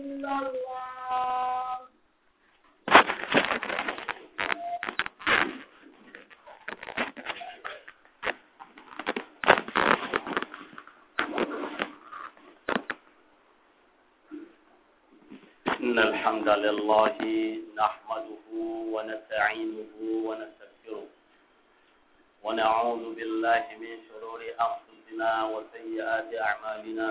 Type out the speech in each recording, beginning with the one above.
إن الحمد لله نحمده ونستعينه ونستغفره ونعوذ بالله من شرور أنفسنا وسيئات أعمالنا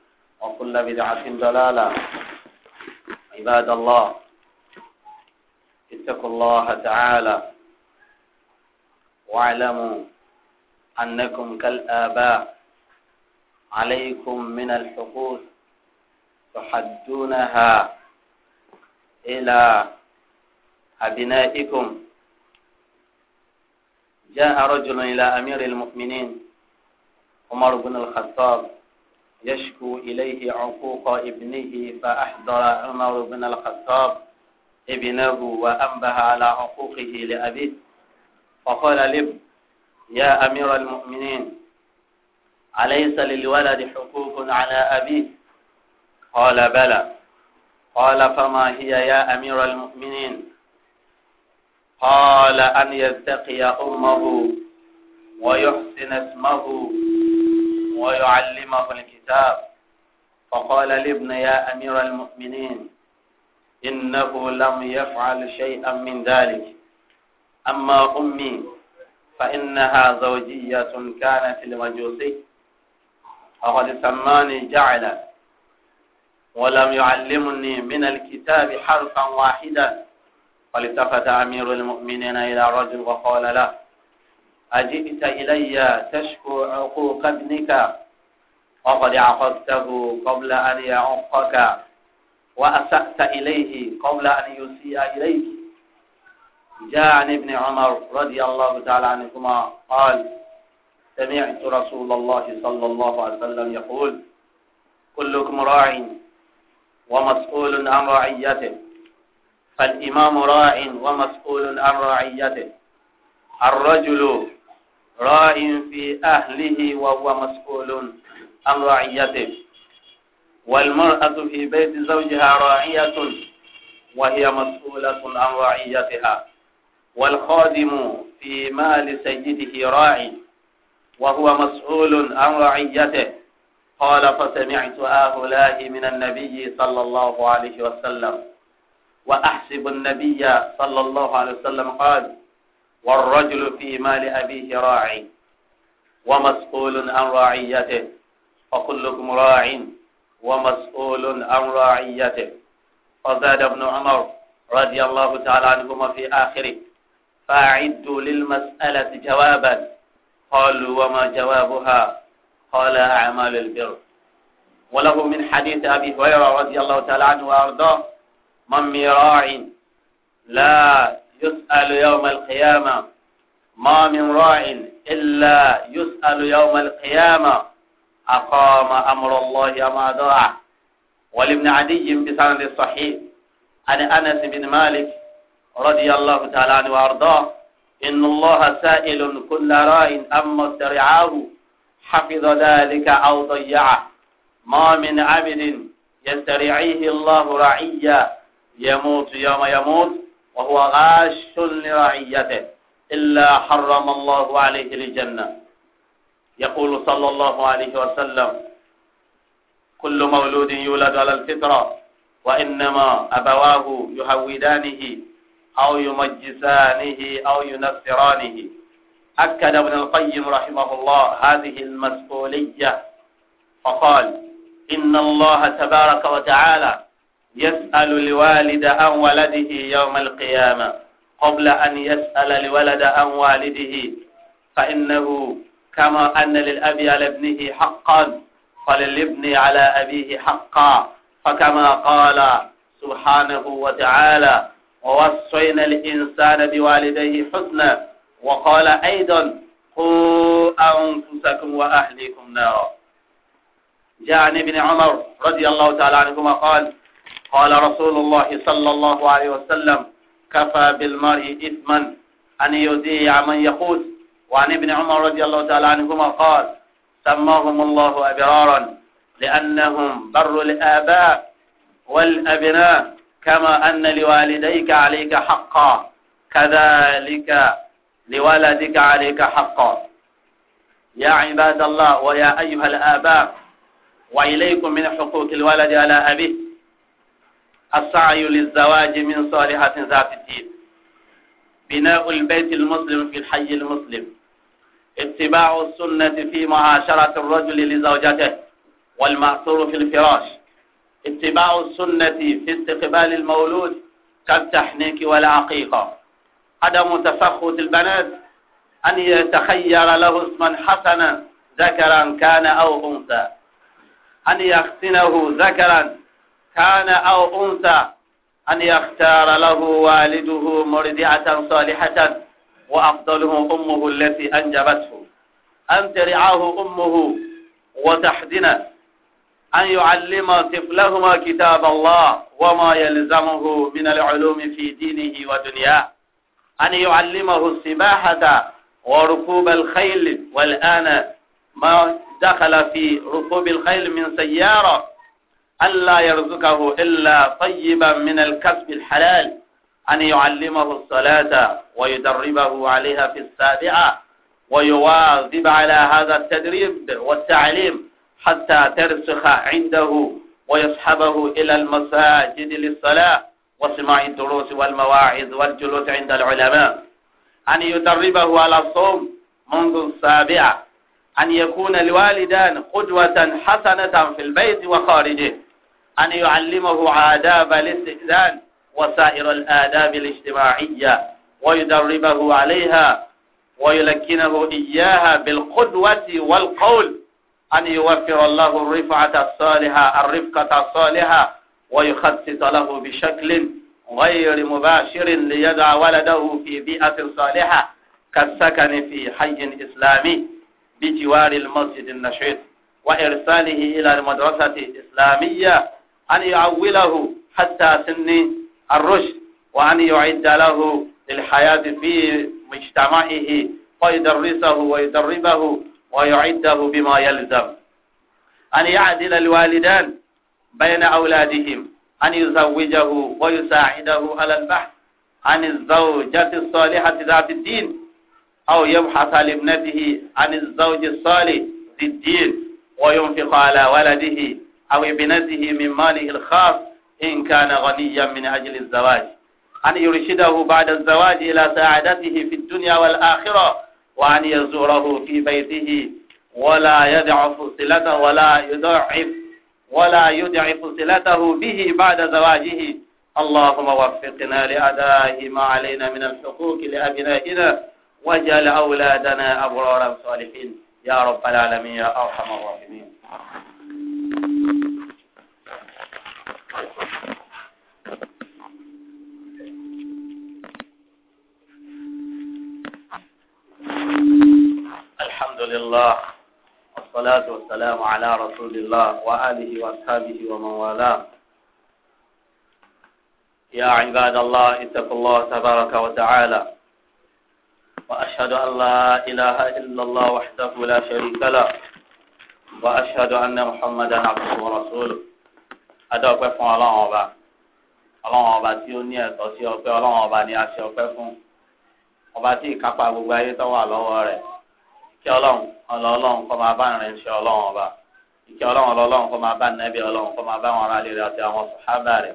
وكل بدعة ضلالة عباد الله اتقوا الله تعالى واعلموا أنكم كالآباء عليكم من الحقوق تحدونها إلى أبنائكم جاء رجل إلى أمير المؤمنين عمر بن الخطاب يشكو إليه عقوق ابنه فأحضر عمر بن الخطاب ابنه وأنبه على عقوقه لأبيه فقال لب يا أمير المؤمنين أليس للولد حقوق على أبيه قال بلى قال فما هي يا أمير المؤمنين قال أن يتقي أمه ويحسن اسمه ويعلمه الكتاب فقال لابن يا أمير المؤمنين إنه لم يفعل شيئا من ذلك أما أمي فإنها زوجية كانت المجوسي وقد سماني جعلا ولم يعلمني من الكتاب حرفا واحدا فالتفت أمير المؤمنين إلى رجل وقال له أجئت إلي تشكو عقوق ابنك وقد عقدته قبل أن يعقك وأسأت إليه قبل أن يسيء إليك جاء عن ابن عمر رضي الله تعالى عنهما قال سمعت رسول الله صلى الله عليه وسلم يقول كلكم راع ومسؤول عن رعيته فالإمام راع ومسؤول عن رعيته الرجل راء في أهله وهو مسؤول عن رعيته والمرأة في بيت زوجها راعية وهي مسؤولة عن رعيتها والخادم في مال سيده راعي وهو مسؤول عن رعيته قال فسمعت هؤلاء من النبي صلى الله عليه وسلم وأحسب النبي صلى الله عليه وسلم قال والرجل في مال أبيه راعي ومسؤول عن رعيته فكلكم راع ومسؤول عن رعيته فزاد ابن عمر رضي الله تعالى عنهما في آخره فأعدوا للمسألة جوابا قالوا وما جوابها قال أعمال البر وله من حديث أبي هريرة رضي الله تعالى عنه وأرضاه من مراع لا يسأل يوم القيامة ما من راع إلا يسأل يوم القيامة أقام أمر الله ما دعا ولابن عدي بسند الصحيح عن أنس بن مالك رضي الله تعالى عنه وأرضاه إن الله سائل كل راع أما استرعاه حفظ ذلك أو ضيعه ما من عبد يسترعيه الله رعيا يموت يوم يموت وهو غاش لرعيته إلا حرم الله عليه الجنة يقول صلى الله عليه وسلم كل مولود يولد على الفطرة وإنما أبواه يهودانه أو يمجسانه أو ينفرانه أكد ابن القيم رحمه الله هذه المسؤولية فقال إن الله تبارك وتعالى يسأل الوالد عن ولده يوم القيامة قبل أن يسأل الولد عن والده فإنه كما أن للأب على ابنه حقا فللابن على أبيه حقا فكما قال سبحانه وتعالى ووصينا الإنسان بوالديه حسنا وقال أيضا قوا أنفسكم وأهليكم نارا جاء عن ابن عمر رضي الله تعالى عنهما قال قال رسول الله صلى الله عليه وسلم كفى بالمرء إثما أن يذيع من يقود وعن ابن عمر رضي الله تعالى عنهما قال سماهم الله أبرارا لأنهم بر الآباء والأبناء كما أن لوالديك عليك حقا كذلك لولدك عليك حقا يا عباد الله ويا أيها الآباء وإليكم من حقوق الولد على أبيه السعي للزواج من صالحة ذات الدين بناء البيت المسلم في الحي المسلم اتباع السنة في معاشرة الرجل لزوجته والمعصور في الفراش اتباع السنة في استقبال المولود كالتحنيك والعقيقة عدم تفخذ البنات أن يتخير له اسما حسنا ذكرا كان أو أنثى أن يختنه ذكرا كان أو أنثى أن يختار له والده مرضعة صالحة وأفضله أمه التي أنجبته أن ترعاه أمه وتحزنه أن يعلم طفلهما كتاب الله وما يلزمه من العلوم في دينه ودنياه أن يعلمه السباحة وركوب الخيل والآن ما دخل في ركوب الخيل من سيارة لا يرزقه إلا طيبا من الكسب الحلال أن يعلمه الصلاة ويدربه عليها في السابعة ويواظب على هذا التدريب والتعليم حتى ترسخ عنده ويصحبه إلى المساجد للصلاة وسماع الدروس والمواعظ والجلوس عند العلماء أن يدربه على الصوم منذ السابعة أن يكون الوالدان قدوة حسنة في البيت وخارجه أن يعلمه آداب الاستئذان وسائر الآداب الاجتماعية ويدربه عليها ويلكنه إياها بالقدوة والقول أن يوفر الله الرفعة الصالحة الرفقة الصالحة ويخطط له بشكل غير مباشر ليدع ولده في بيئة صالحة كالسكن في حي إسلامي بجوار المسجد النشيط وإرساله إلى المدرسة الإسلامية أن يعوله حتى سن الرشد وأن يعد له للحياة في مجتمعه ويدرسه ويدربه ويعده بما يلزم أن يعدل الوالدان بين أولادهم أن يزوجه ويساعده على البحث عن الزوجة الصالحة ذات الدين أو يبحث لابنته عن الزوج الصالح ذي الدين وينفق على ولده أو ابنته من ماله الخاص إن كان غنيا من أجل الزواج أن يرشده بعد الزواج إلى سعادته في الدنيا والآخرة وأن يزوره في بيته ولا يضعف صلته ولا يضعف ولا يضعف صلته به بعد زواجه اللهم وفقنا لأداء ما علينا من الحقوق لأبنائنا واجعل أولادنا أبرارا صالحين يا رب العالمين يا أرحم الراحمين لله والصلاة والسلام على رسول الله وآله وأصحابه ومن والاه يا عباد الله اتقوا الله تبارك وتعالى وأشهد أن لا إله إلا الله وحده لا شريك له وأشهد أن محمدا عبده ورسوله أدعوك فون الله أبا ọlọ́run ọba tí ó ní ẹ̀tọ́ sí ọpẹ́ ọlọ́run ọba ni a ṣe ọpẹ́ fún ọba kí ọlọ́run ọlọ́run kọ́ máa bá rìn ṣe ọlọ́run ọba ìkí ọlọ́run ọlọ́run kọ́ máa bá nẹ́bí ọlọ́run kọ́ máa bá wọn ará lè rẹ àti àwọn sàhábà rẹ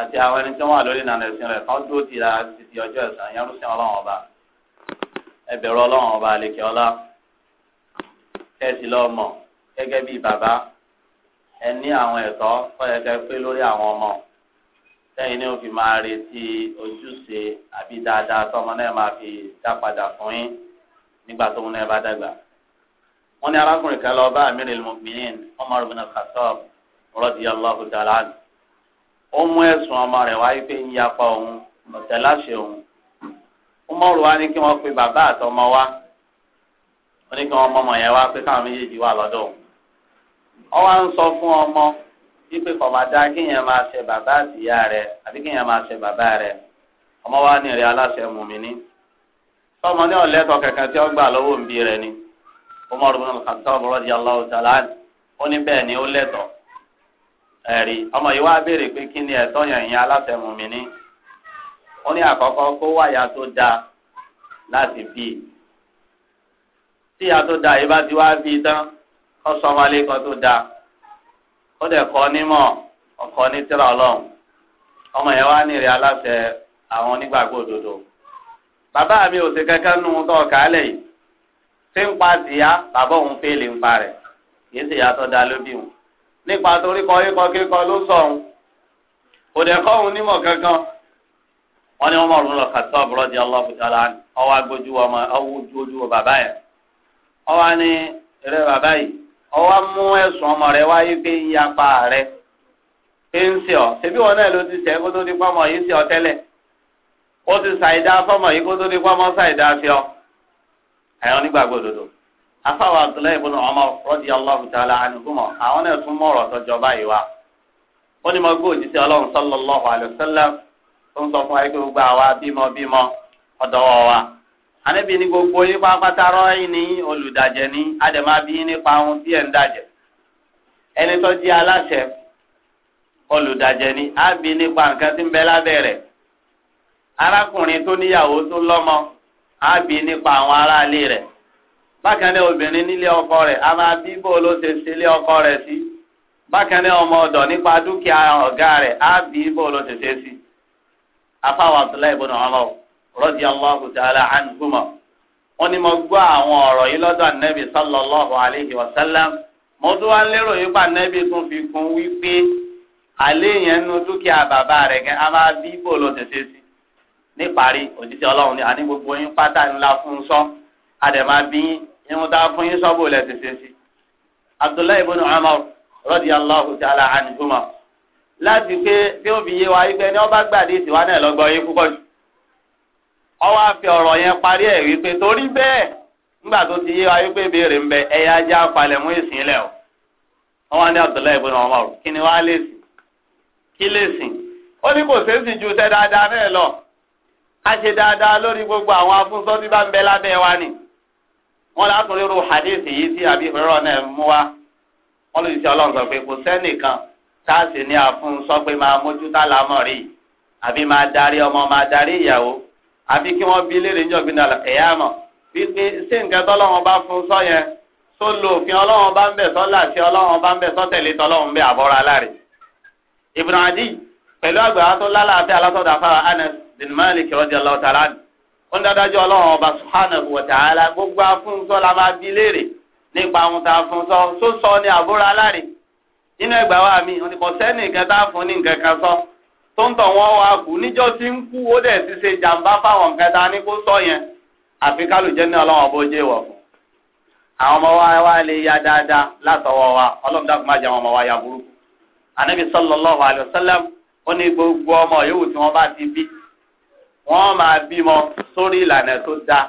àti àwọn ẹni tí wọ́n wà lórí ìlànà ẹ̀sìn rẹ̀ kan dúró ti ra títí ọjọ́ ẹ̀san yẹn rúṣin ọlọ́run ọba ẹbẹ̀rù ọlọ́run ọba àlekè ọlá kẹ́sì lọ́mọ gẹ́gẹ́ bíi bàbá ẹ ní àwọn ẹ̀tọ́ kọ́yẹ̀kẹ́ pé lórí àwọn ọmọ sẹ́yìn ní o máa retí ojúṣe àbí dáadáa tọ́mọ náà máa fi dá padà fún yín nígbà tó wọn bá dàgbà wọn ní arákùnrin kan lọ bá amiril mu'minin Umar ibn al-Khattab radiyallahu ta'ala anhu ó mú ẹ̀sùn ọmọ rẹ̀ wáyé pé ń yapa òun ọ̀tẹ̀ láṣẹ òun Umar wa ní kí wọ́n pe bàbá àtọmọ wa wọ́n ní kí wọ́n mọmọ yẹn wá pé káwọn méjèèjì wà lọ́dọ̀ òun ọ wá ń sọ fún ọmọ wípé kò máa máa ṣe bàbá àtìyá rẹ̀ àbí kéèyàn máa ṣe bàbá rẹ̀ ọmọ wa ní ìrẹ aláṣẹ mùmíní. tọmọ ní ọlẹtọ kẹkẹ tí ó gbà lọwọ nbí rẹ ni Umar ibn al-Khattab radiyallahu ó ní bẹ́ẹ̀ ni ó lẹ́tọ̀ ẹ̀rí ọmọ yìí wá béèrè kí ni yẹn ni ó ní àkọ́kọ́ kó wáyà tó láti bí i tí ìyá tó yìí bá ti wá bí i tán kó sọmọlé kan tó ó ọkọ ní ọmọ yẹn wá ní aláṣẹ àwọn bàbá mi ò sí kankan nù tó kàálẹ̀ yìí tí ń pa tìyá bàbá òun fẹ́ lè ń pa rẹ̀ kì í sì yàtọ̀ dá lóbi wọn nípa torí kọ ikọ̀ kíkọ ló sọ òun kò dẹ̀ kọ́ òun nímọ̀ kankan wọ́n ní wọ́n mọ̀ ọ̀run lọ kàtọ́ àbúrọ́dì ọlọ́fùtàlá ọwọ́ agbójú ọmọ ọwọ́ ojú ojú bàbá yẹn ọwọ́ ni eré bàbá yìí ọwọ́ mú ẹ̀sùn ọmọ rẹ wáyé pé ń yapa rẹ pé ń sè ọ́ ṣebí wọn náà ló ti sẹ́ kó tó ti pọ́ ọmọ yìí sè ọ́ tẹ́lẹ̀ wọ́n ti ṣàìdá fọmọ yìí kó tó ní pọ́nmọ́ ṣàìdá fi ọ. àyàn nígbàgbọ́ òdodo àwọn náà tún mọ̀ ọ̀rọ̀ tọjọ́ báyìí ó ní mo gbé ọlọ́run tó ń sọ fún gbogbo àwa bímọ bímọ wa. àníbi ní gbogbo yín nípa ohun tí ẹ̀ ń ẹni tó jẹ́ aláṣẹ á bí arákùnrin tó níyàwó tó lọ́mọ á bí nípa àwọn aráalé rẹ̀ bákan náà obìnrin nílé ọkọ rẹ̀ á máa bí bó ló ṣe ṣe ọkọ rẹ̀ sí bákan náà ọmọ ọ̀dọ̀ nípa dúkìá ọ̀gá rẹ̀ á bí bó ló ṣe ṣe sí. afáwọn abdullahi ibn Umar radiyallahu ta'ala anhuma mo gbọ́ àwọn yìí sallallahu alayhi wa sallam mo tún wá lérò yìí pa anabi tún fi kún wípé nu dúkìá bàbá níparí òjíṣẹ́ ọlọ́run ní àní gbogbo yín pátá ńlá fún sọ àdèmá bí irun tá a fún yín sọ́bù lẹ̀ ti ṣe sí. abdullahi ibn umar radiyallahu ta'ala anhuma láti pé bí ó fi yé wa wípé ní ọba gbàdé ìsìnwá náà lọ́gbọ́ yín púpọ̀ jù. ọwọ́ àfi ọ̀rọ̀ yẹn parí ẹ̀ wípé torí bẹ́ẹ̀ nígbà tó ti yé wa wípé béèrè ń bẹ ẹ̀yà ajá palẹ̀ mú ìsìn lẹ̀ o. wọ́n wá ní abdullahi ibn umar kí ni wàá lè sìn kí lè sìn ó ní kò sẹ́sìn ju tẹ́ náà lọ a ṣe dáadáa lórí gbogbo àwọn afúnṣọ́ tí bá ń bẹ lábẹ́ wa ni wọ́n látún rírú hadith yìí tí àbí ìrọ̀ náà mú wa wọ́n lè ṣe ọlọ́run sọ pé kò sẹ́nìkan tá a sì ní afúnṣọ́ pé máa mójútó àlámọ̀ rí àbí máa darí ọmọ máa darí ìyàwó àbí kí wọ́n bí léèrè níjọ́ gbin dàlọ́ ẹ̀yà mọ̀ wípé ṣé nǹkan tọ́lọ́run bá fún sọ yẹn tó lo òfin ọlọ́run bá ń bẹ̀ sọ́ láti ọlọ́run bá ń bẹ̀ sọ́tẹ̀lé tọ́lọ́run bẹ́ àbọ̀rọ̀ aláàrẹ̀ Ibn Adi pẹ̀lú àgbà tó lálàáfíà látọ̀dà fáwọn Anas bin Malik radiyallahu ta'ala anhu ó ń dádájọ́ ọlọ́run ọba subhanahu wa ta'ala gbogbo afúnṣọ́ la máa bi léèrè nípa àwọn tá a fún sọ sósọ ní àbúrò aláre nínú ẹgbàá wa mi kò sẹ́ni nǹkan tá a fún ní nǹkan kan sọ tó ń tọ̀ wọ́n wá kú níjọ́ tí ń kú ó dẹ̀ ti ṣe jàǹbá fáwọn nǹkan tá a ní kó sọ yẹn àfi kálùjẹ́ ní ọlọ́run ọba ojú ìwọ̀ fún àwọn ọmọ wa wa lè ya dáadáa látọwọ́ wa ọlọ́run dákun má jẹ́ àwọn ọmọ wa ya burúkú anabi sallallahu alayhi wa sallam ó ní gbogbo ọmọ yòówù tí wọ́n bá ti bí wọ́n máa bímọ sórí ìlànà tó dáa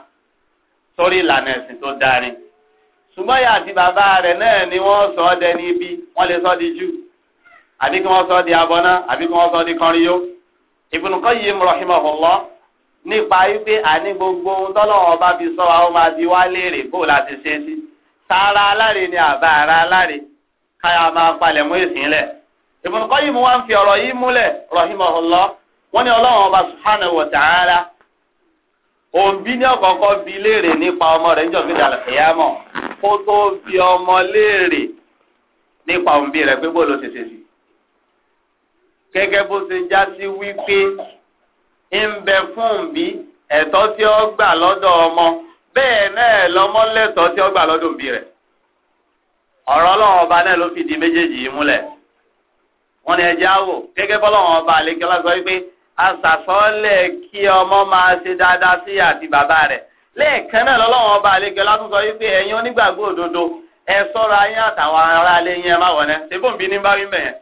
sórí ìlànà ẹ̀sìn tó ni ṣùgbọ́n ìyá àti bàbá rẹ̀ náà ni wọ́n sọ ọ́ dẹni ibi wọ́n lè sọ ọ́ di jù àbí wọ́n sọ di abọ́ná àbí kí wọ́n sọ di kọrìyó Ibn Qayyim nípa wípé àní gbogbo ohun fi sọ wá léèrè bó láti ṣe sí sára aláre ni àbá ara aláre káyà máa ń fi ọ̀rọ̀ yìí múlẹ̀ wọ́n ní ọlọ́run ọba subhanahu wa ta'ala òǹbí ní ọ̀kọ̀ọ̀kọ́ bi léèrè nípa ọmọ rẹ̀ níjọ́ gbéjà lọ́kẹ̀yàmọ̀ kó tó bi ọmọ léèrè nípa òǹbí rẹ̀ pé bóòlù tètè sí. gẹ́gẹ́ bó ṣe já sí wípé ń bẹ fún òǹbí ẹ̀tọ́ tí ó gbà lọ́dọ̀ ọmọ bẹ́ẹ̀ náà lọ́mọ lẹ́tọ̀ọ́ tí ó gbà lọ́dọ̀ òǹbí rẹ̀. ọ̀rọ̀ ọlọ́run ọba náà ló fìdí méjèèjì yìí múlẹ̀. wọ́n ní ẹjẹ́ àwò gẹ́gẹ́ bọ́lọ́run ọba àlekẹ́lá sọ wípé asàsọ́lẹ̀ kí ọmọ máa ṣe dáadáa sí àti bàbá rẹ̀ lẹ́ẹ̀kan náà lọ́lọ́wọ́n ọba àlejò látún sọ wípé ẹ̀yin onígbàgbọ́ òdodo ẹ sọ́ra yín àtàwọn ará ilé yín ẹ má wọ̀ ná bí ní bá wí mẹ́yẹn.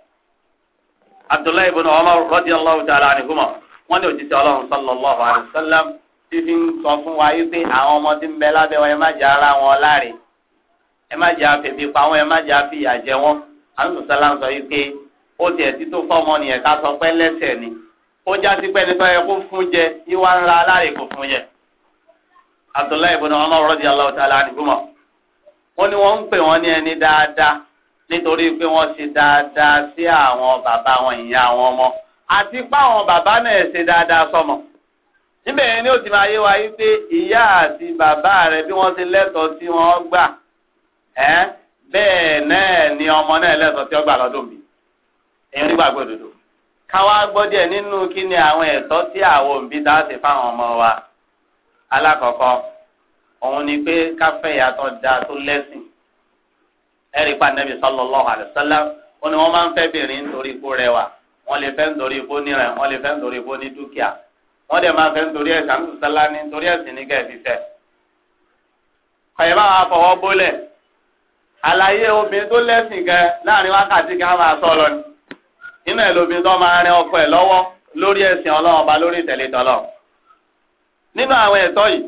Abdullahi ibn Umar radiyallahu ta'ala anhuma wọ́n ní òjijì ọlọ́run sallallahu alayhi ti fi ń sọ fún wa wípé àwọn ọmọdé ń bẹ lábẹ́ wọn ẹ má jẹ́ ara wọn láre ẹ má jẹ́ afẹ́fẹ́ pa wọn ẹ má jẹ́ afẹ́yà jẹ wọn àwọn sọ̀sálà ń sọ wípé ó tiẹ̀ títún ó já sí pẹ́ni tó yẹ kó fún jẹ ìwà ńlá aláàrẹ kò fún jẹ Abdullahi ibn Umar radiyallahu ta'ala anhuma wọ́n ní wọ́n ń pè wọ́n ní ẹni dáadáa nítorí pé wọ́n ṣe dáadáa sí àwọn bàbá wọn ìyá àwọn ọmọ àti páwọn bàbá náà ṣe dáadáa sọmọ níbẹ̀ ni ó ti máa yé wa yí pé ìyá àti bàbá rẹ bí wọ́n ṣe lẹ́tọ̀ọ́ sí wọn gbà bẹ́ẹ̀ náà ni ọmọ náà lẹ́tọ̀ọ́ sí ọgbà lọ́dún mi èyí nígbàgbọ́ òdodo káwá gbọ́ nínú kí ni àwọn ẹ̀tọ́ tí àwọn òbí dá sí fáwọn ọmọ wa alákọ̀ọ́kọ́ òun ni pé káfẹ́ ìyàtọ̀ da tó lẹ́sìn ẹ̀rí pa nẹ́bí sallallahu alaihi wasallam ó ní wọ́n máa ń fẹ́ bìnrin nítorí ikú rẹwà wọ́n lè fẹ́ nítorí ikú nírẹ̀ wọ́n lè fẹ́ nítorí ikú ní dúkìá wọ́n dẹ̀ máa fẹ́ nítorí ẹ̀sán sọ́lá ní nítorí ẹ̀sìn ní kẹ́ẹ̀fì fẹ́. kọ̀yẹ̀bá wa fọwọ́ bólẹ̀ àlàyé obìnrin tó lẹ́sìn gan láàrin wákàtí kan máa sọ ni nínú ẹlòmí tó máa rin ọkọ ẹ lọ́wọ́ lórí ẹ̀sìn Ọlọ́run ọba lórí ìtẹ̀lé tọlọ nínú àwọn ẹ̀tọ́ yìí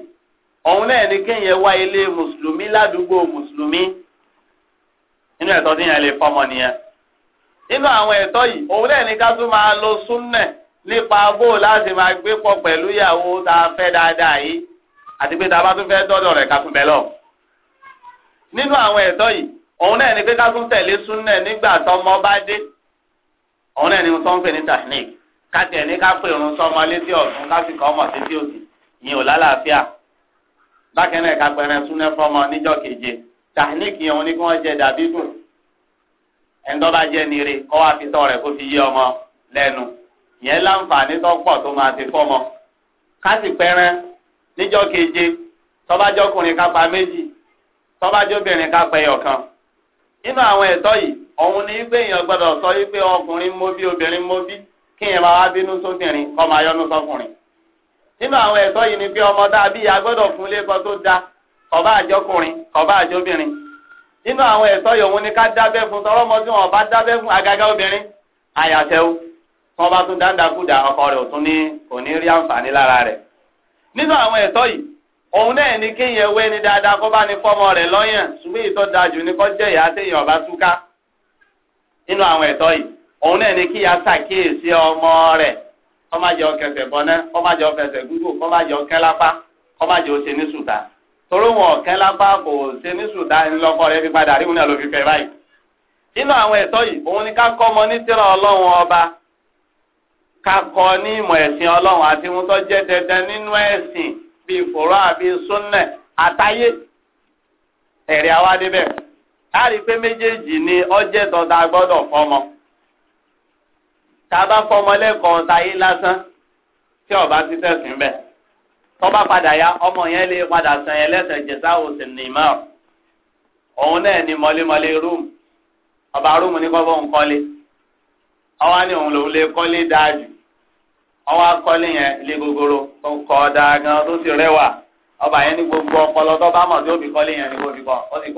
òun náà ni kéèyàn wá ilé mùsùlùmí ládùúgbò mùsùlùmí nínú ẹ̀tọ́ tí yẹn lè fọmọ nìyẹn nínú àwọn ẹ̀tọ́ yìí òun náà ni ká tún máa lo súnnẹ̀ nípa bó láti máa gbé pọ̀ pẹ̀lú ìyàwó tá a fẹ́ dáadáa yìí àti pé tá a bá tún fẹ́ dọ́dọ̀ rẹ̀ ká tún bẹ̀ lọ. nínú àwọn ẹ̀tọ́ yìí òun náà ni pé ká tún tẹ̀lé súnnẹ̀ nígbà tọ́mọ bá dé òun náà ni mo tọ́ ń pè ní tahnik káti ẹni ká pè irun sọmọ létí ọ̀tún ká sì kọ́ ọmọ sétí òsì ìyẹn ò lálàáfíà bákan náà ká pẹrẹ súnẹ́ fọmọ níjọ́ keje tahnik yẹn òun ni kí wọ́n jẹ dàbí dùn ẹ̀ńdọ́ba jẹ́ nire kọ́ wá fi tọ́ rẹ̀ kó fi yé ọmọ lẹ́nu ìyẹn láǹfààní tó pọ̀ tó máa ti fọmọ ká sì pẹrẹ níjọ́ keje tọ́bájọ́kùnrin ká pa méjì tọ́bájọ́bìnrin ká pẹyọ̀ kan nínú àwọn ẹ̀tọ́ yìí òun ní pé èèyàn gbọ́dọ̀ sọ wípé ọkùnrin mọ bí obìnrin mọ bí kí èèyàn máa wá bínú sóbìnrin kọ́ máa yọnu sọkùnrin. nínú àwọn ẹ̀tọ́ yìí ni pé ọmọ dàbí ìyá gbọ́dọ̀ fún lẹ́kọ́ tó da ọba àjọkùnrin ọba àjọbìnrin. nínú àwọn ẹ̀tọ́ yìí òun ni ká dábẹ́ fún tọrọ ọmọ tí wọn bá dábẹ́ fún àgàgà obìnrin àyàtẹ̀wò tí wọn bá tún dáńdàkúdà ọkọ rẹ̀ òtún ní kò ní rí àǹfààní lára rẹ̀. nínú àwọn ẹ̀tọ́ yìí òun náà ní kéèyàn wé ni dáadáa kó bá ní fọ́mọ rẹ̀ lọ́yàn ṣùgbọ́n ìtọ́jú ni kó jẹ́ téèyàn ọba túká nínú àwọn ẹ̀tọ́ yìí òun náà ni kí ya ṣàkíyèsí ọmọ rẹ̀ kó má jẹ́ ọkẹsẹ̀ bọ́ná kó má jẹ́ ọkẹsẹ̀ gúgù kó má jẹ́ ọkẹ́lápá kó má jẹ́ ọṣẹ ní sùtà torí wọn ọkẹ́lápá kò ṣe ní sùtà ńlọkọ rẹ fi padà rí wọn náà ló fi fẹ́ báyìí nínú àwọn ẹ̀tọ́ yìí òun ni ká kọ́ ọmọ ní tírà ọlọ́run ọba ká kọ́ ní ìmọ̀ ẹ̀sìn ọlọ́run àti ohun tó jẹ́ dandan nínú ẹ̀sìn bíi fòrọ́ àbí súnnẹ̀ àtayé ẹ̀rí àwa débẹ̀ a rí i pé méjèèjì ni ọjẹ́ dọ̀dà gbọ́dọ̀ fọmọ tá a bá fọmọ lẹ́kọ̀ọ́ táyé lásán tí ọba ti tẹ̀sìn bẹ́ẹ̀ tọ́ba padà ya ọmọ yẹn lè padà san ẹlẹ́sẹ̀ jẹ̀sà òsì nìmọ̀ òun náà ni mọ́lémọ́lé rúùmù ọba rúùmù ní kọ́bọ̀ ń kọ́lé ọwọ́ ni òun lòun lè kọ́lé dáa ọwọ́ akọ́lé yẹn lé gogoro tó ń kọ́ dáa gan tó sì rẹwà ọba yẹn ní gbogbo ọpọlọ tó bá mọ̀ tí ó fi kọ́lé yẹn ní kó fi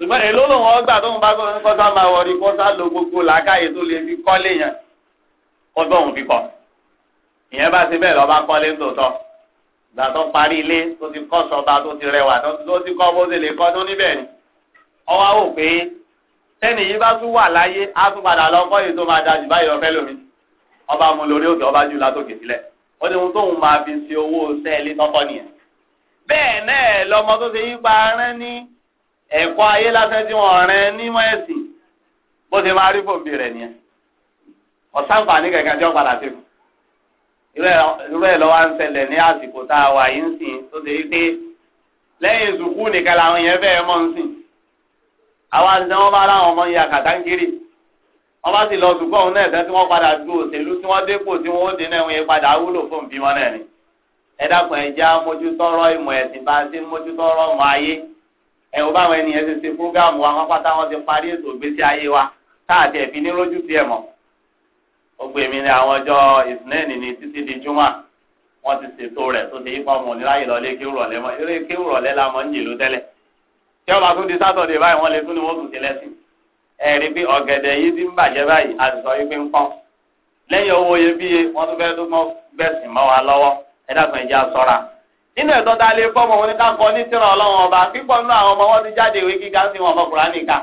ṣùgbọ́n èló lòun ọgbà tó ń bá kọ́sá máa wọrí kọ́sá lo gbogbo làákàyè tó lè fi kọ́lé yẹn kọ́sá òun fi kọ́ ìyẹn bá ti bẹ́ẹ̀ lọ́ba kọ́lé tòótọ́ ìgbà tó parí ilé tó ti kọ́ sọba tó ti rẹwà tó ti kọ́ bó ti lè kọ́ tó níbẹ̀ ni ọwọ́ wò pé tẹ́nì yìí bá tún wà láyé á tún padà lọ kọ́ èyí tó máa dájú báyìí ọ̀fẹ́ lómi ọba mu lórí òkè ọba jù látòkè sílẹ̀ ó ní ohun tóun máa fi ṣe owó sẹ́ẹ̀lì tọ́tọ́ nìyẹn bẹ́ẹ̀ náà lọmọ tó ṣe yí rán ní ẹ̀kọ́ ayé lásán tí wọ́n rẹ nímọ̀ ẹ̀sìn bó ṣe máa rí fòǹbì rẹ̀ nìyẹn ọ̀sánfààní kẹ̀kẹ́ tí wọ́n padà sí fún irú ẹ̀ lọ́wọ́ ń ṣẹlẹ̀ ní àsìkò tá a wà yìí sìn tó ṣe pé lẹ́yìn ìsùnkú nìkan làwọn yẹn fẹ́ẹ́ mọ́ ń sìn àwọn àti wọn bá láwọn ọmọ ya kàtàǹkiri wọn bá sì lọ sùkú ọ̀hún náà tán tí wọ́n padà du òṣèlú tí wọ́n dépò tí wọ́n ó dín náà wọ́n padà wúlò fún bí wọn náà ni ẹ dákun ẹ já mójútọ́rọ́ ìmọ̀ ẹ̀sìn bá ń ṣe mójútọ́rọ́ ọmọ ayé ẹ wò báwọn ènìyàn ti ṣe fúrógáàmù wa wọn pátá wọn ti parí ètò ìgbésí ayé wa káàtì ẹ̀fí ní lójú sí ẹ̀ mọ́ mi ni àwọn ọjọ́ ìsinẹ́ẹ̀nì ni títí di júmọ́ wọ́n ti ṣètò rẹ̀ tó ti yípa ọmọ níláyè lọ́lé kí rọ̀lẹ́ mọ́ eré kí rọ̀lẹ́ la mọ́ ń jèló tẹ́lẹ̀ tí ọba tó di sátọ̀dé báyìí wọ́n lè tún ni wọ́n tún ti lẹ́sìn ẹ̀rí bí nínú ẹ̀tọ́ ta lè fọ́ ọmọ wọn ká kọ ní tírà ọlọ́run ọba pípọ̀ nínú àwọn ọmọ wọn ti jáde ìwé kíkà sí wọn ọmọkùnrin àníkà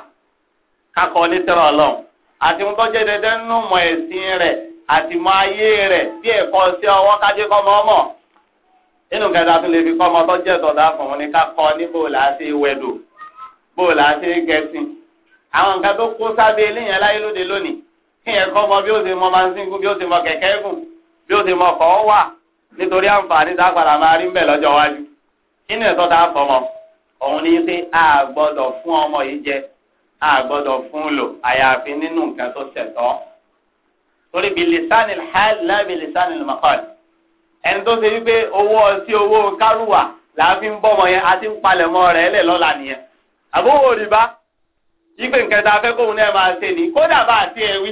ká kọ ní tírà ọlọ́run àti mo tọ́jú ẹ̀dẹ́dẹ́ nínú mọ̀ ẹ̀sìn rẹ̀ àti mọ̀ ayé rẹ̀ bí ẹ̀kọ́ sí ọwọ́ kájé kọ́mọ ọmọ nínú kẹta tó lè fi kọ́mọ tọ́jú ẹ̀tọ́ ta fún wọn ká kọ ní bóòlù àti ìwẹ̀dò bóòlù àti nítorí àǹfààní tá a padà máa rí ń bẹ̀ lọ́jọ́ iwájú nínú ẹ̀tọ́ tá a fọmọ òun ní pé a gbọ́dọ̀ fún ọmọ yìí jẹ a gbọ́dọ̀ fún un lò àyàfi nínú nǹkan tó ṣẹ̀tọ́ torí bí lisani hal lábì lisani makal ẹni tó ṣe wípé owó ọtí owó kárùwà làáfi bọ́mọ yẹn àti ń palẹ̀mọ́ rẹ̀ lẹ̀ lọ́la nìyẹn àbówó òrìbá yípe nǹkan tá a fẹ́ kóun náà máa ṣe ni kódà bá àti ẹ̀ wí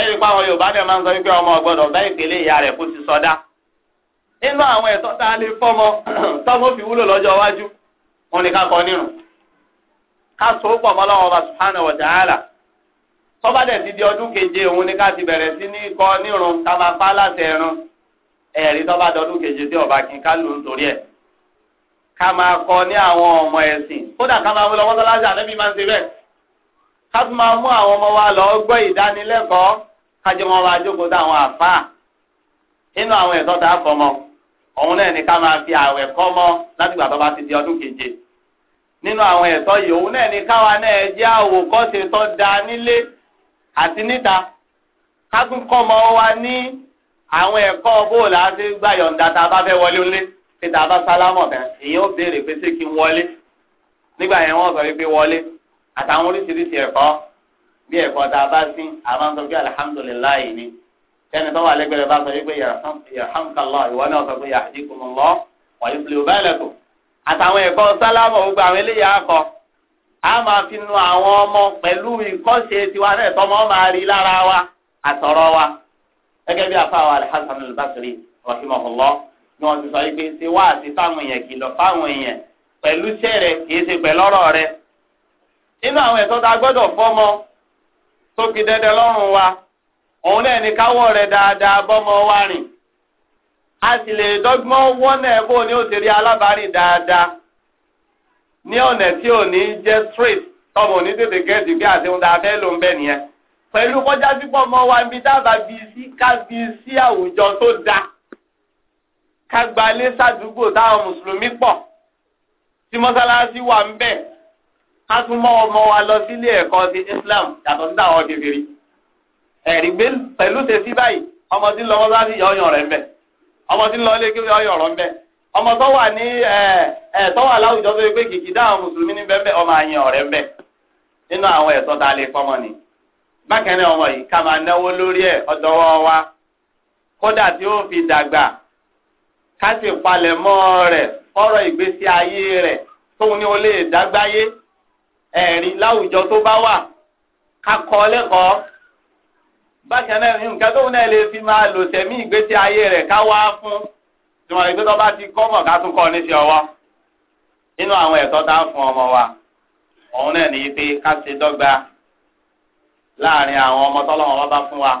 ẹ̀rí pa àwọn Yorùbá dẹ̀ máa ń sọ wípé ọmọ ọgbọ́dọ̀ bá ìpele ìyá rẹ̀ kó ti sọdá nínú àwọn ẹ̀tọ́ tá a lè fọ́mọ tọ́mọ fi wúlò lọ́jọ́ iwájú wọn ni ká kọ nírun ká so pọ̀ mọ́ lọ́wọ́ ọba subhanahu wa ta'ala tọ́ba dẹ̀ ti di ọdún keje òun ni ká ti bẹ̀rẹ̀ sí ní kọ nírun ká máa pa láti ẹ̀rùn ẹ̀rí tọ́ba dọdún keje tí ọba kì ká lò ń torí ẹ̀ ká máa kọ ní àwọn ọmọ ẹ̀sìn kódà ká máa wọlé lájà níbi máa ń ṣe bẹ́ẹ̀ ká tún máa mú àwọn ọmọ wa lọ gbọ́ ìdánilẹ́kọ̀ọ́ kájọ wọn máa jókòó táwọn àfáà nínú àwọn ẹ̀tọ́ tá a fọmọ òun náà ní ká máa fi àwẹ̀ kọ́ mọ́ látìgbà tó bá ti di ọdún keje nínú àwọn ẹ̀tọ́ yìí òun náà ní káwa náà jẹ́ àwòkọ́ṣe tó da nílé àti níta ká tún kọ́ mọ́ wa ní àwọn ẹ̀kọ́ bóòlù àti gbàyọ̀ǹda tá a bá fẹ́ wọlé ńlé pé tá a bá sálámọ̀ tán èyí ó béèrè pé ṣé kí n wọlé nígbà yẹn wọ́n sọ wípé wọlé àtàwọn oríṣiríṣi ẹ̀kọ́ bí ẹ̀kọ́ tá a bá sí a máa ń sọ pé alihamudulilayi ni sẹ́ni tó wà lẹ́gbẹ̀rẹ́ bá sọ wípé yarhamukallah ìwọ náà sọ pé yahdikumullah wa yuflihu balakum àtàwọn ẹ̀kọ́ sálámù gbogbo àwọn eléyà akọ a máa fi nu àwọn ọmọ pẹ̀lú ìkọ́ṣe tiwa náà tọmọ máa rí lára wa àtọ̀rọ̀ wa gẹ́gẹ́ bí afáwa alhassan albasri rahimahullah ni wọ́n ti sọ wípé ṣe wá àti fáwọn èèyàn kìlọ̀ nínú àwọn ẹ̀tọ́ tá a gbọ́dọ̀ fọ́mọ tó fi dẹdẹ lọ́rùn wa òun náà ní káwọ́ rẹ̀ dáadáa bọ́mọ wa rìn a sì lè dọ́gbọ́n wọ́nà ẹ̀ bó ni ó ti rí alábàárìn dáadáa ní ọ̀nà tí ò ní jẹ́ straight tọmọ òní tètè gẹ̀ẹ́sì bí àtẹ̀hún tá a fẹ́ ló ń bẹ̀ nìyẹn pẹ̀lú kọjá pípọ̀ mọ́ wa ibi dábàá bíi sí ká bíi sí àwùjọ tó dáa ká gbalé sádùúgbò táwọn mùsùlùmí pọ̀ tí mọ́sálásí wà ń bẹ̀ ká tún mọ́ ọmọ wa lọ sílé ẹ̀kọ́ ti Islam yàtọ̀ sí táwọn kékeré ẹ̀rí gbé pẹ̀lú tẹ̀sí báyìí ọmọ tí ń lọ mọ́sáàsì yọ̀ọ̀yàn rẹ̀ ń bẹ̀ ọmọ tí ń lọ ilé kéwì yọ̀ọ̀yàn rẹ̀ ń bẹ̀ ọmọ tó wà ní ẹ̀ tó wà láwùjọ tó yẹ pé kìkì dáhùn mùsùlùmí ní bẹ́ẹ̀ ọmọ àyàn rẹ̀ ń bẹ̀ nínú àwọn ẹ̀tọ́ tá a lè fọmọ ni bákan náà ọmọ yìí ká máa náwó lórí ẹ̀ ọ̀dọ́wọ́ wa kódà tí ó fi dàgbà ká sì palẹ̀mọ́ rẹ̀ ọ̀rọ̀ ìgbésí ayé rẹ̀ tóun ní o lè dágbáyé ẹ̀rí láwùjọ tó bá wà kakọ lẹ́kọ̀ọ́ bákan náà nǹkan tóun náà lè fi máa lò sẹ́mi ìgbésí ayé rẹ̀ ká wá fún tìwọ̀n ìgbé tó bá ti kọ́ mọ̀ ká tún kọ́ ní ọwọ́ a fún ọmọ wa òun náà ní pé ká ṣe dọ́gba láàrin àwọn ọmọ tọ́lọ́wọ́n bá wa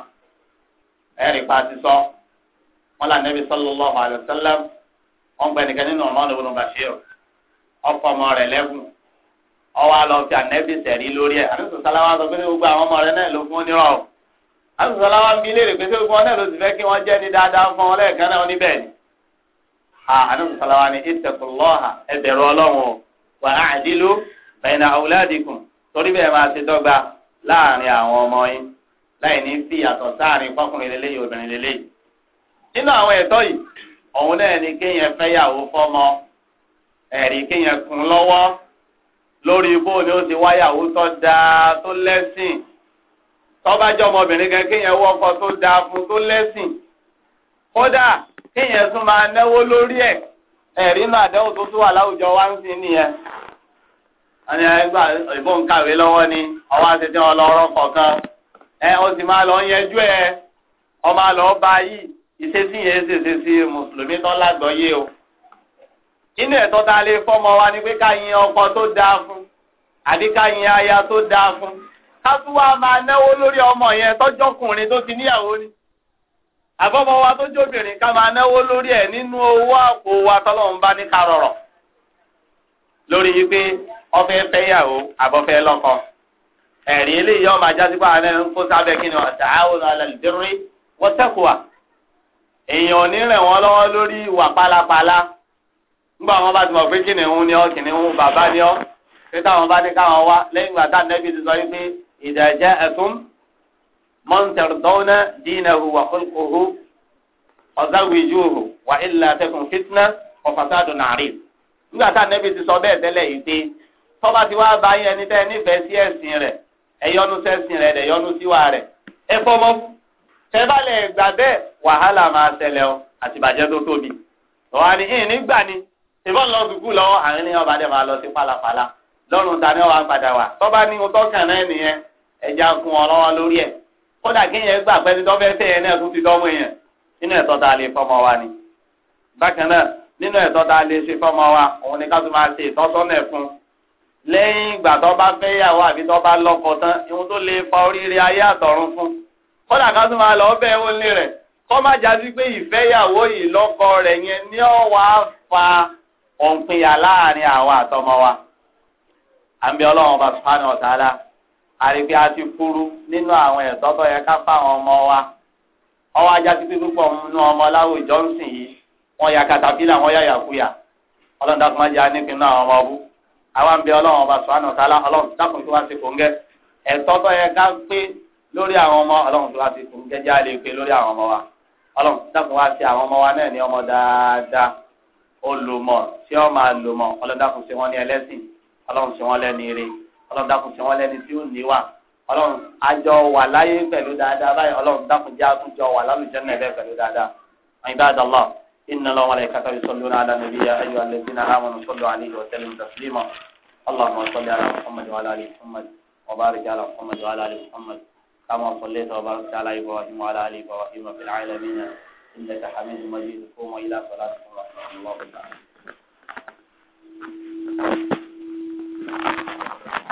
pa ti sọ wọn là wọn gbẹ nìkan nínú ọ̀nà ọ̀nà ọwọ́ àlọ́ fi ànẹ́bí sẹ̀rí lórí ẹ̀ àdúgbò sáláwá sọ pé gbogbo àwọn ọmọ rẹ náà ló fún o àdúgbò wa léèrè pé gbogbo wọn náà ló ti fẹ́ kí wọ́n jẹ́ ní dáadáa fún wọn lẹ́ẹ̀kan náà níbẹ̀ ni. ni ìtẹ̀kùlọ́hà wà á àwùládìkùn torí bẹ́ẹ̀ máa ti dọ́gba láàrin àwọn ọmọ yín láì ní fi sáàrin lórí bó ni ó ti wáyàwó tó dáa tó lẹ́sìn tọ́ba jẹ́ ọmọbìnrin kan kéèyàn wọ ọkọ tó dáa fún tó lẹ́sìn kódà kéèyàn tún máa náwó lórí ẹ̀ ẹ̀rí inú àdéhùn tó tún wà láwùjọ wá ń sin nìyẹn. wọ́n ní ẹgbà ìbọn kàwé lọ́wọ́ ni ọwọ́ àtẹ̀tẹ̀ ọlọ́rọ̀ kọ̀ọ̀kan ẹ ó sì máa lọ yẹjú ẹ ọmọ àlọ́ bá yìí ìṣesí yẹn ṣèṣe sí mùsùlùmí tó lágbọ́yé o. inú ẹ̀tọ́ ta lè fọmọ wa ni pé ká yin ọkọ tó dáa fún àbí ká yin aya tó dáa fún ká tún wá máa náwó lórí ọmọ yẹn tọ́jọ́kùnrin tó ti níyàwó ni àbọ̀mọ wa tó jóbìnrin ká máa náwó lórí ẹ̀ nínú owó àpò wa tọ́lọ́run bá ní ká rọrọ̀ lórí wípé ọfẹ́ fẹ́yàwó àbọ̀fẹ́ lọ́kọ ẹ̀rí eléyìí ọmọ ajásí pa àárẹ̀ ń kó sábẹ́ kí ni ọ̀tá àwọn alàlùdẹ́rẹ́ wọ́n tẹ́kùwà èèyàn ò ní rẹ̀ wọ́n lọ́wọ́ lórí ìwà pálapàla nígbà wọn bá ti mọ̀ pé kìnìún ni ọ́ kìnìún bàbá ni ọ́ pé táwọn bá ní káwọn wá lẹ́yìn ìgbà tá nẹ́bí ti sọ yìí pé ìdẹ̀jẹ́ ẹ̀tún mọ́ntẹ̀rọ̀dọ́nà dínàhù wà kólkóhù ọ̀záwìjúhù wà ilà tẹkùn fitna ọ̀fàsádù nàárì. nígbà tá nẹ́bí ti sọ bẹ́ẹ̀ tẹ́lẹ̀ yìí pé tọ́ba ti wá bá yẹn nítẹ́ nífẹ̀ẹ́ sí ẹ̀sìn rẹ̀ ẹ̀yọ́nu sẹ́sìn rẹ̀ ẹ̀yọ́nu síwá rẹ̀ ẹ fọmọ tẹ́bálẹ̀ gbà bẹ́ẹ̀ wàhálà máa ṣẹlẹ̀ ọ àtìbàjẹ́ tó tóbi. ọ̀hánì ìnígbà ni ìbọn lọ sùkúù lọ́wọ́ àárín ọba dẹ̀ máa lọ sí pálapàla lọ́rùn tani ọba padà wà tọ́ba ní o tọ́kàn náà nìyẹn ẹja kun ọ lọ́wọ́ lórí ẹ̀ kódà kéèyàn gbà pẹ́ni tó fẹ́ fẹ́ yẹn náà tún ti dọ́mọ yẹn nínú ẹ̀tọ́ tá lè fọmọ wa ni bákan náà nínú ẹ̀tọ́ tá lè ṣe fọmọ wa òun ni ká tún máa ṣe ìtọ́sọ́nà ẹ̀fún lẹ́yìn ìgbà tó bá fẹ́ yàwó àbí tó bá lọ́kọ tán ihun tó lè fa oríire ayé àtọ̀run fún kódà ká tún máa lọ bẹ́ẹ̀ wọlé rẹ̀ kọ́ má jásí pé ìfẹ́yàwó yìí lọ́kọ rẹ̀ yẹn ní ọ̀wá fa wọn ya láàrin àwọn àtọmọ wa àmì ọlọ́run bá subhanahu wa àti fúru nínú àwọn ẹ̀tọ́ tó yẹ ká ọmọ wa ọwọ́ ajá títí púpọ̀ nínú ọmọ láwùjọ ń yìí wọ́n ya katapila wọ́n ya yakuya ọlọ́run dákun má jẹ́ anípin náà ọmọ ọbú àwọn àmì ọlọ́run bá subhanahu wa ọlọ́run dákun tó wá sí ẹ̀tọ́ tó yẹ ká ọmọ ọlọ́run olùmọ̀ tí ó máa lùmọ̀ ọlọ́dàkùn ṣe wọ́n ní ẹlẹ́sìn ọlọ́run ṣe wọ́n lẹ́ni ire ọlọ́dàkùn ṣe wọ́n lẹ́ni tí ó níwà ọlọ́run àjọ wà láyé pẹ̀lú dáadáa báyìí ọlọ́run dákun jẹ́ àtúnjọ wà lálùjẹ́ náà bẹ́ẹ̀ pẹ̀lú dáadáa ibadallah inna Allaha wa malaikatahu yusalluna ala nabiyyi ayyuha alladhina amanu sallu alayhi wa sallimu taslima allahumma salli ala muhammad wa ala ali muhammad wa إنك حميد مجيد قوموا إلى صلاتكم ورحمة الله تعالى